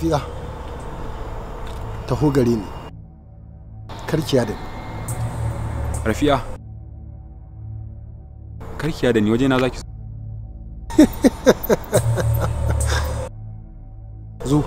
lafiya taho gare ni karkiya da ni rafi'a karkiya da ni waje na zaki zo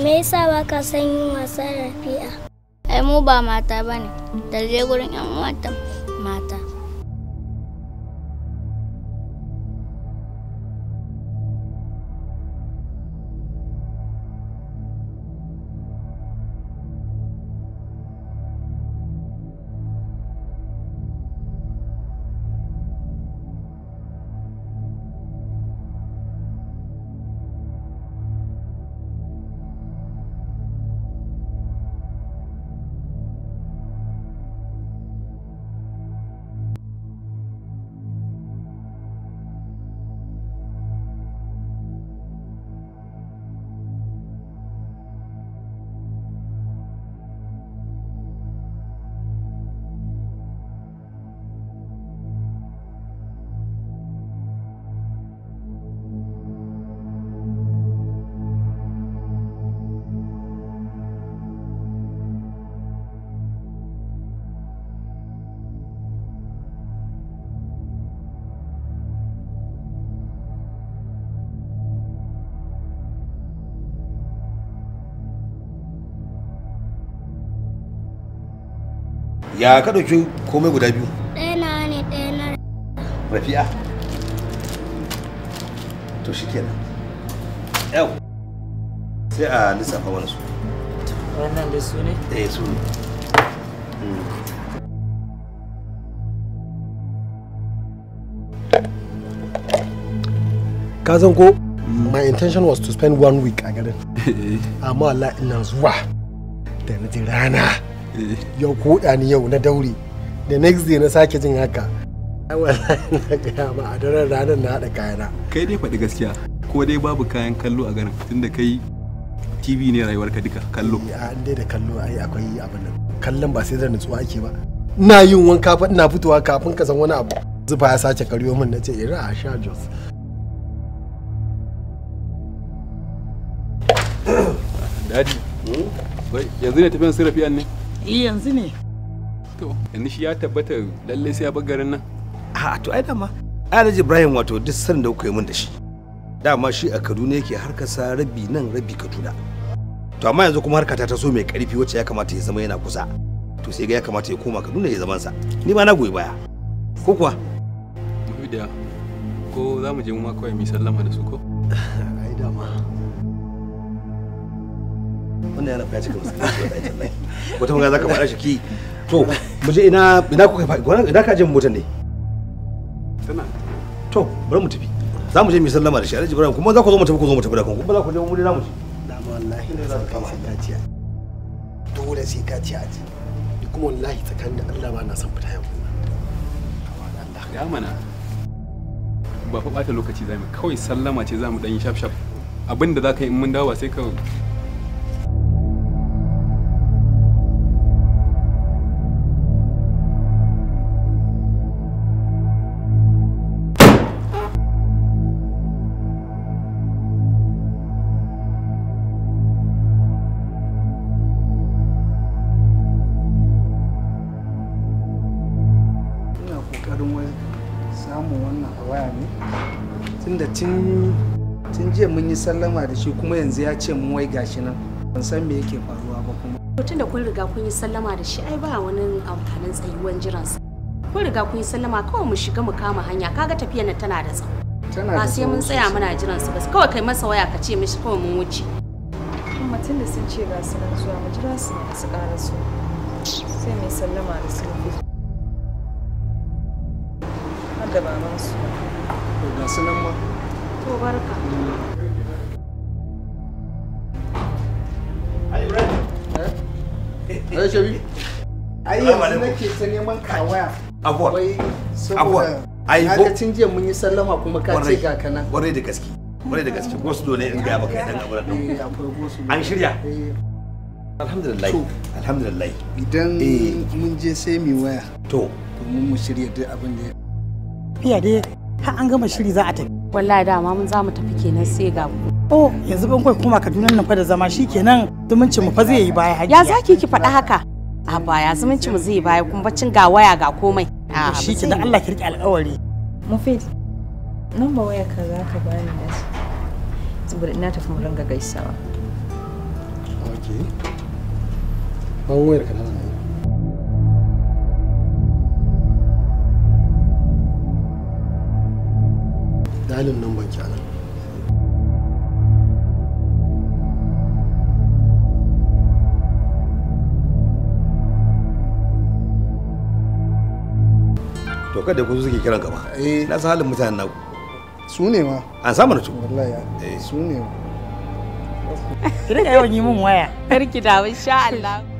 Me yasa ba ka san yin wasa Rafi'a? Ai mu ba mata bane, da gurin 'yan matan. ya ka ɗauki komai guda biyu ɗaya na ne ɗaya na rafi'a to shi kenan yau sai a lissafa wani su wannan da su ne? eh su ne hmm. kazan ko my intention was to spend one week a garden amma Allah ina zuwa da na rana yau koda ni yau na daure da next day na sake jin haka wallahi na gaya ma a daren ranar na haɗa kayana kai dai faɗi gaskiya ko dai babu kayan kallo a garin tunda kai tv ne rayuwarka duka kallo eh, a an dai da kallo ai akwai abin nan kallon ba sai da nutsuwa ake ba ina yin wanka fa ina fitowa kafin ka san wani abu zufa ya sace karyo min nace ira eh, a sha jos dadi yanzu ne tafiyan sirafi an ne Eh, yanzu ne to yanzu shi ya tabbata lalle sai ya bar garin nan a to ai dama alhaji ibrahim wato duk sanin da kuka yi min da shi dama shi a kaduna yake harkar sa rabi nan rabi kaduna to amma yanzu kuma harkata ta taso mai karfi wacce ya kamata ya zama yana kusa to sai ga ya kamata ya koma kaduna ya zamansa ni ma na goyi baya ko kuwa ko za mu je mu ma kawai mu sallama da su ko ai dama wannan yaron ya cika musulunci wallahi tallahi wata to mu je ina ina kuka ina ka je ne tana to bari mu tafi za mu je mu sallama da shi alhaji ibrahim kuma za ku zo mu tafi ku zo mu tafi da kanku kuma za ku je mu ne za mu ci da mu wallahi ne za ka sai ka dole sai ka ji kuma wallahi tsakanin da Allah ba na fita yau mana ba fa bata lokaci kawai sallama ce dan yi shaf shaf abinda yi in mun dawo sai ka tun jiya mun yi sallama da shi kuma yanzu ya ce mun wai gashi nan ban san me yake faruwa ba kuma tun da kun riga kun yi sallama da shi ai ba wani amfanin tsayuwan jiran sa kun riga kun yi sallama kawai mu shiga mu kama hanya kaga tafiyar nan tana da tsawo ba sai mun tsaya muna jiran su ba kawai kai masa waya ka ce mishi kawai mun wuce kuma tun da sun ce ga su nan zuwa mu jira su su ƙara su sai mai sallama da su har da babansu ga su nan ma To barka. Ai Eh? Ai Shabi. Ai yanzu nake ta neman kawaya. Abuwa. Wai Ka jiya yi sallama kuma da gaske. Kwarai da gaske. dole in abu eh, An shirya. Eh. Alhamdulillah. Alhamdulillah. Idan eh. mun je sai mi waya. To. mu shirya duk abin da ya. Fiya dai ha an gama shiri za a tafi wallahi dama mun za mu tafi kenan sai ga ku oh yanzu ban kai kuma Kaduna nan fa da zama shikenan zumunci mu fa zai yi baya hakika. ya zaki ki faɗa haka a baya zumunci mu zai yi baya kuma bacin ga waya ga komai shi ki da Allah ki rike alƙawari mufid nan ba waya ka za ka bani shi. saboda ina tafi mu ranga gaisawa okay ban wayar ka nan dalin nan ban kenan to kada ku suke kiran gaba eh. na san halin mutanen naku su ne ma an samu na ci wallahi eh. su ne ma ki dinga yawan yi mun waya karki da insha Allah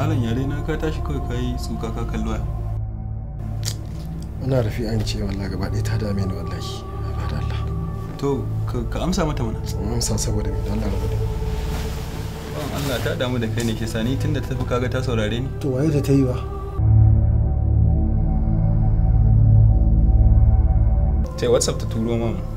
malam yare na ka tashi kawai ka yi tsuka ka kallo ina rafi an ce wallah gaba ɗaya ta dame ni wallahi ba da Allah to ka amsa mata mana amsa saboda me Allah rabu da Allah ta damu da kai ne ke sani tunda ta tafi kaga ta saurare ni to waye ta yi wa sai whatsapp ta turo mamu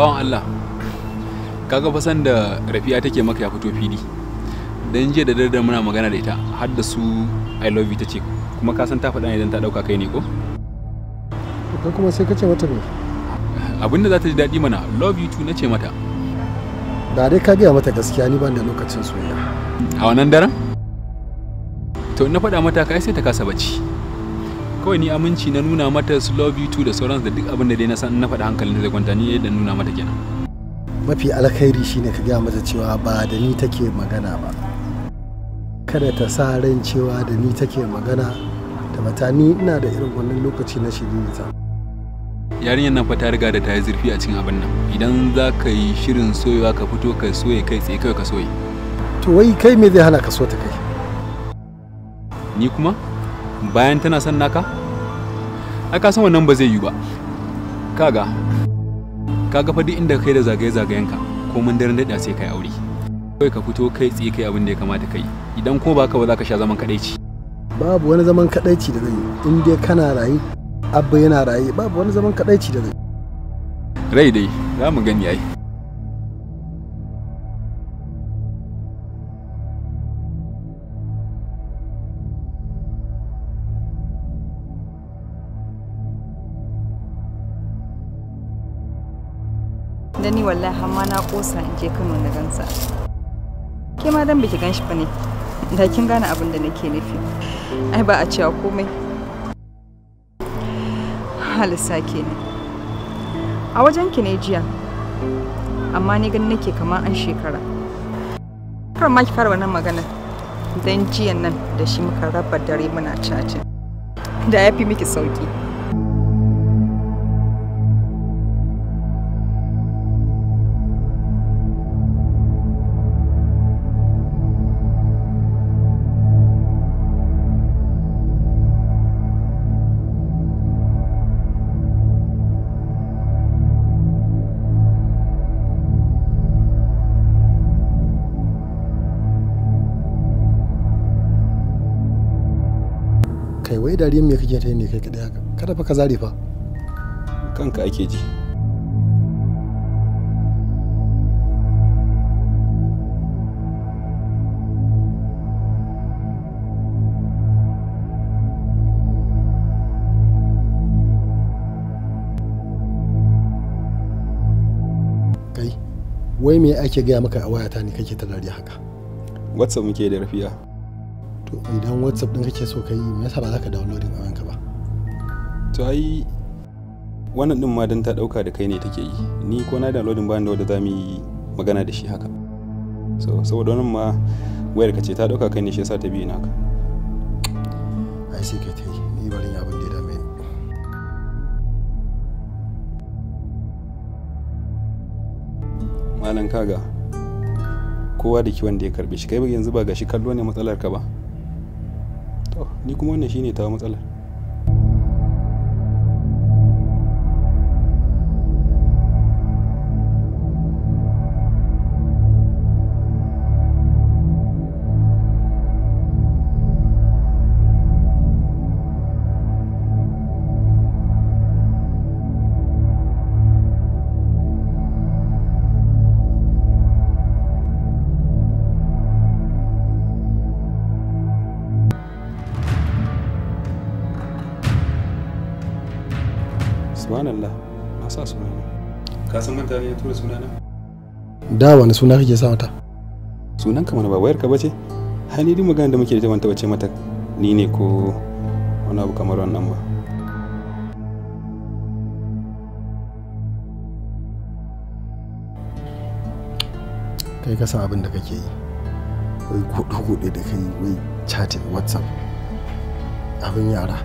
bawan Allah kaga san da rafi'a take maka ya fito fili dan jiya da daddare muna magana da ita har da su I love you tace kuma ka san ta faɗa dan ta dauka kai ne ko to kai kuma sai ka ce mata me abinda za ta ji daɗi mana love you too nace mata da dai ka gaya mata gaskiya ni ban da lokacin soyayya a wannan daren to na faɗa mata kai sai ta kasa bacci kawai ni aminci na nuna mata su love you too da sauransu da duk abin da dai na san na faɗa hankalin zai kwanta ni da nuna mata kenan mafi alkhairi shine ka gaya mata cewa ba da ni take magana ba kada ta sa ran cewa da ni take magana da mata ni ina da irin wannan lokaci na ta. yarinyar nan fa ta riga da ta yi zurfi a cikin abin nan idan za ka yi shirin soyewa ka fito ka soye kai tsaye kawai ka soye to wai kai me zai hana ka so ta kai ni kuma bayan tana son naka ai ka san wannan ba zai yi ba kaga kaga fa duk inda kai da zagaye zagayenka ko mun daren daɗa sai kai aure kawai ka fito kai tsaye kai abin da ya kamata kai idan ko ba ka ba za ka sha zaman kadaici babu wani zaman kadaici da zai yi in dai kana rayi abba yana rayi babu wani zaman kadaici da zai rai dai za mu gani ai gani wallahi har ma na kosa in je Kano na gansa ke ma dan biki ganshi ba ne da kin gane abin da nake nufi ai ba a cewa komai halisa ke ne a wajen ki ne jiya amma ni ganin nake kamar an shekara kar ma ki fara wannan magana. dan jiyan nan da shi muka raba dare muna caca da ya fi miki sauki wai dariyan me kake ta yi ne kai kaɗai haka kada fa ka zare fa kanka ake ji wai me ake gaya maka a wayata ne kake ta dariya haka whatsapp muke da rafiya to idan whatsapp din kake so ka yi me yasa ba za ka downloading a wanka ba to ai wannan din ma dan ta dauka da kai ne take yi ni ko na downloading ba da wanda za mu yi magana da shi haka so saboda wannan ma wayar ka ce ta dauka kai ne shi yasa ta biyu naka ai sai ka ta yi ni barin abin da ya dame ni malam kaga kowa da kiwon da ya karbe shi kai ba yanzu ba gashi kallo ne matsalar ka ba ni kuma wannan shine ta matsalar kuma sunana da wani suna kake sa mata sunan ka ba wayar ka bace hali duk magana da muke da wanta taba ce mata ni ne ko wani abu kamar wannan ba kai ka san abin da kake yi wai gudu-gudu da kai wai chatting whatsapp abin yara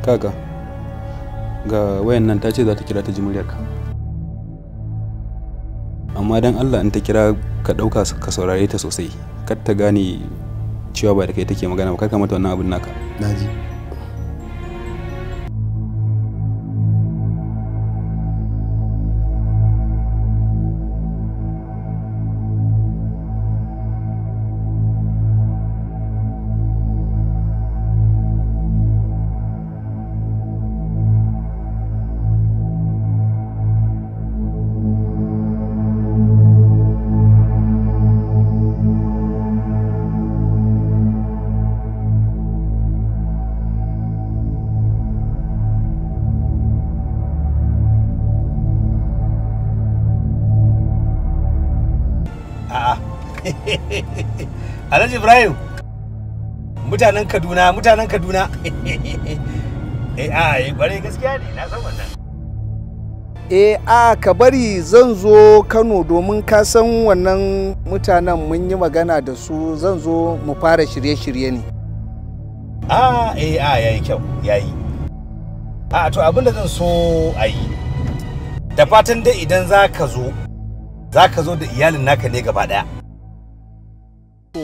Kaka, ga wayan nan ta ce za ta kira ta ji muryarka amma dan Allah in ta kira ka ɗauka ka saurare ta sosai kar ta gane cewa ba da kai take magana ba kar ka mata wannan abin naka naji Alhaji Ibrahim. Mutanen Kaduna, mutanen Kaduna. Eh a ah, bare eh, gaskiya ne na san wannan. Eh a ka bari zan zo Kano domin ka san wannan mutanen mun yi magana da su zan zo mu fara shirye-shirye ne. A ah, eh a ah, yayi kyau yayi. A to abin da zan so a yi. Da fatan dai idan za ka zo, za ka zo da iyalin naka ne gaba ɗaya.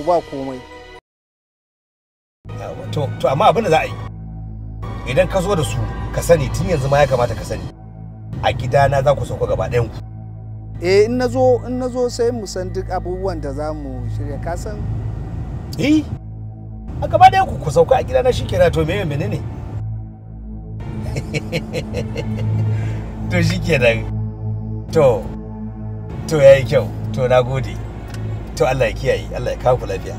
ba komai to amma abin da za a yi idan ka zo da su ka sani tun yanzu ma ya kamata ka sani a gidana za ku sauka gaba ɗayan ku eh in na zo in na zo sai mu san duk abubuwan da za mu shirya ka san eh a gaba ɗayan ku ku sauka a gidana shi kenan to meye ne to shi kenan to to yayi kyau to na gode to Allah ya kiyaye Allah ya kawo lafiya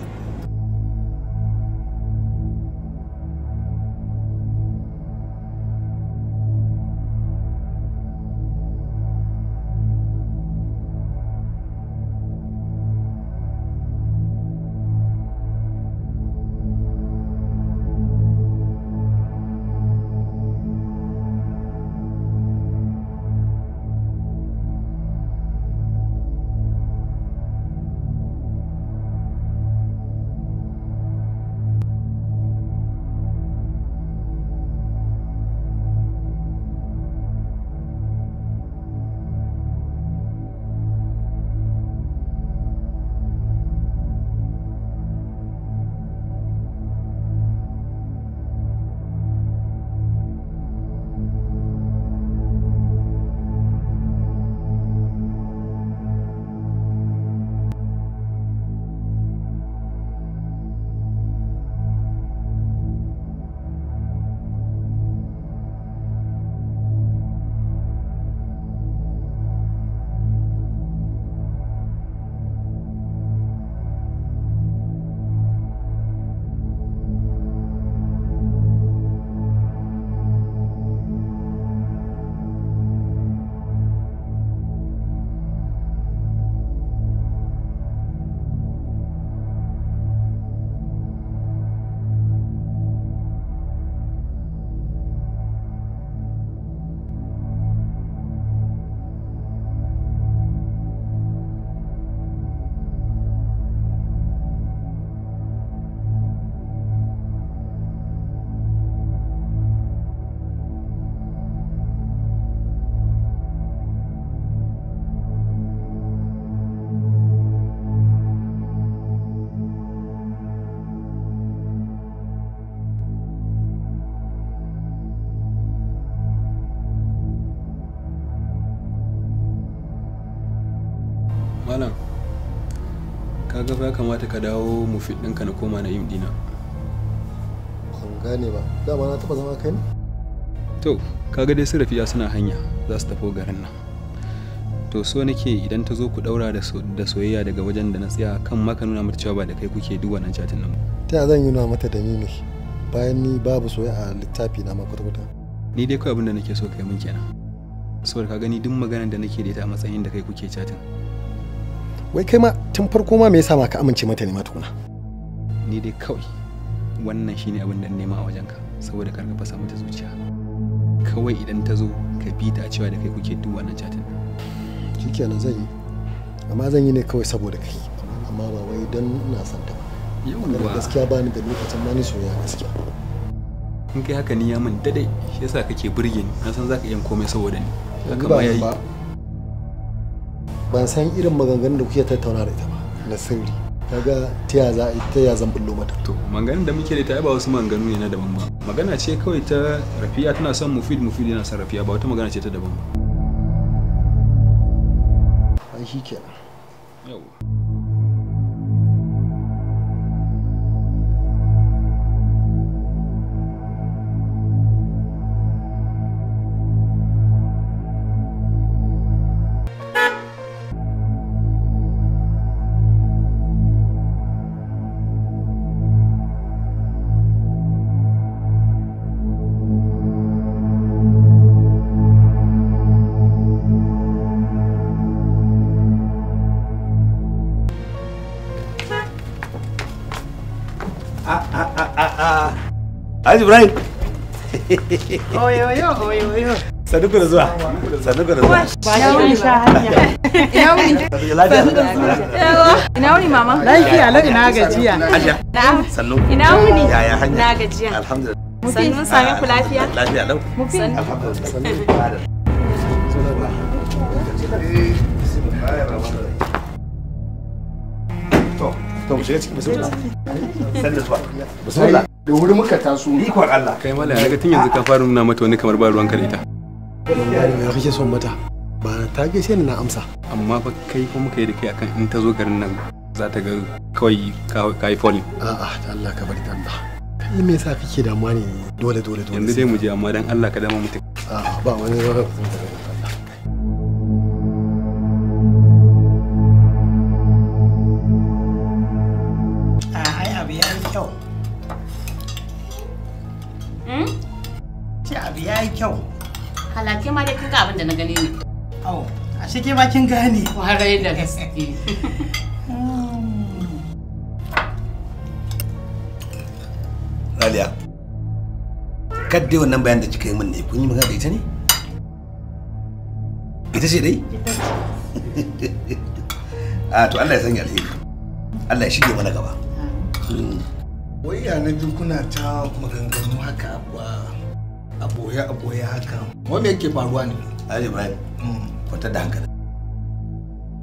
ga ya kamata ka dawo mu fi ɗinka na koma na yin dina ban gane ba dama na taɓa zama kai ne to kaga dai su rafiya suna hanya za su tafi garin nan to so nake idan ta zo ku daura da soyayya daga wajen da na tsaya kan maka nuna mata cewa ba da kai kuke duk wannan chatin nan ta zan yi nuna mata da ni ne bayan ni babu soyayya a littafi na maka kwata ni dai kawai abin da nake so kai mun kenan saboda ka gani duk maganar da nake da ita a matsayin da kai kuke chatin wai kai ma tun farko ma me yasa ma ka amince mata ne ma tukuna ni dai kawai wannan shine abin da nema a wajenka saboda karka fasa mata zuciya kawai idan ta zo ka bi ta cewa da kai kuke duk wannan chatin shikenan zan yi amma zan yi ne kawai saboda kai amma ba wai don na san ta ba gaskiya ba ni da lokacin ma ni soyayya gaskiya in kai haka ni ya min dadai shi yasa kake burge ni na san zaka yi komai saboda ni haka ma yayi ban san irin maganganun da kuke tattauna da ita ba na sirri kaga ta za a ta ya zan bullo mata to maganganun da muke da ita ba wasu maganganu ne na daban ba magana ce kawai ta rafiya tana son mufid mufid yana son rafiya ba wata magana ce ta daban ba ai shikenan yawa Haji Ibrahim. Oyo oyo Sanu da zuwa. Sanu da zuwa. ya wuni sha hanya. Ina wuni. Ina wuni mama. Lafiya ina gajiya. Na'am. Sannu. Ina wuni. ya hanya? Na gajiya. Alhamdulillah. Sannu ku lafiya. Lafiya lau. Sannu. To, to mu shiga Sannu zuwa. da wuri muka taso ikon Allah kai mala ya ga tun yanzu ka fara nuna mata wani kamar ba ruwan da ita ya kake son mata ba ta gaishe ni na amsa amma fa kai fa muka yi da kai akan in ta zo garin nan za ta ga kawai kai falling a'a ta Allah ka bari ta Allah kai me yasa kake damuwa ne dole dole dole yanzu dai mu je amma dan Allah ka dama mutum a'a ba wani kyau halake ma dai kin ga abin da na gani ne au ashe ke ma kin gane kwarai da gaske Raliya, kad dai wannan bayan da kika yi min ne kun yi magana da ita ne? Ita ce dai? A to Allah ya sanya alheri. Allah ya shige mana gaba. Hmm. Wai ya na ji kuna ta maganganu haka ba a boye a boye haka wanda yake faruwa ne ai ibrahim mm. kwata da hankali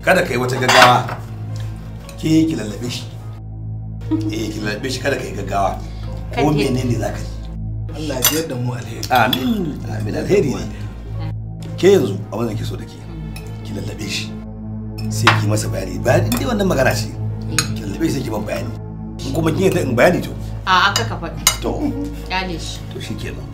kada kai wata gaggawa ke ki lallabe shi eh ki lallabe shi kada kai gaggawa ko menene zaka yi Allah ya biyar da mu alheri amin amin alheri ke yanzu abin da ke so da ke ki lallabe shi sai ki masa bayani bayani dai wannan magana ce mm. ki lallabe sai ki ban bayani kuma kin yi ta in bayani to a a'a kaka faɗi to kyale shi to shikenan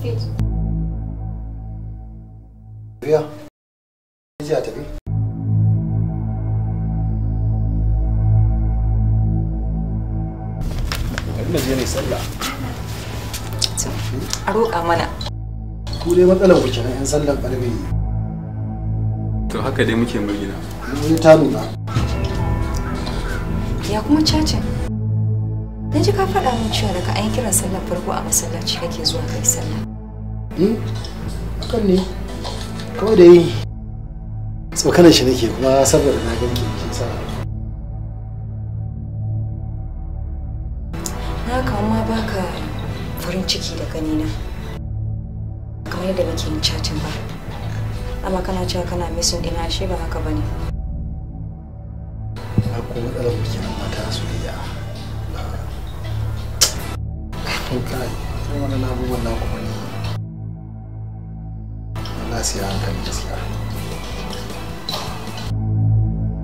Fit. Biya. Ji a tafi. Bari na je ne sallah. A roƙa mana. Ku dai matsalar ku kenan 'yan sallar ƙarfe. To haka dai muke murgina. Mun ta nuna. Ya kuma cacin. Na ji ka faɗa min cewa daga an yi kiran sallar farko a masallaci kake zuwa kai sallah. Hmm? hakan ne kawai da yi tsokanar shi nake kuma saboda na ganke shi sa na kama baka farin ciki da ganina kamar yadda muke yin chatin ba amma kana cewa kana misin dina shi ba haka bane na ko matsalar muke nan mata su ya kai wannan abubuwan na kuma hacia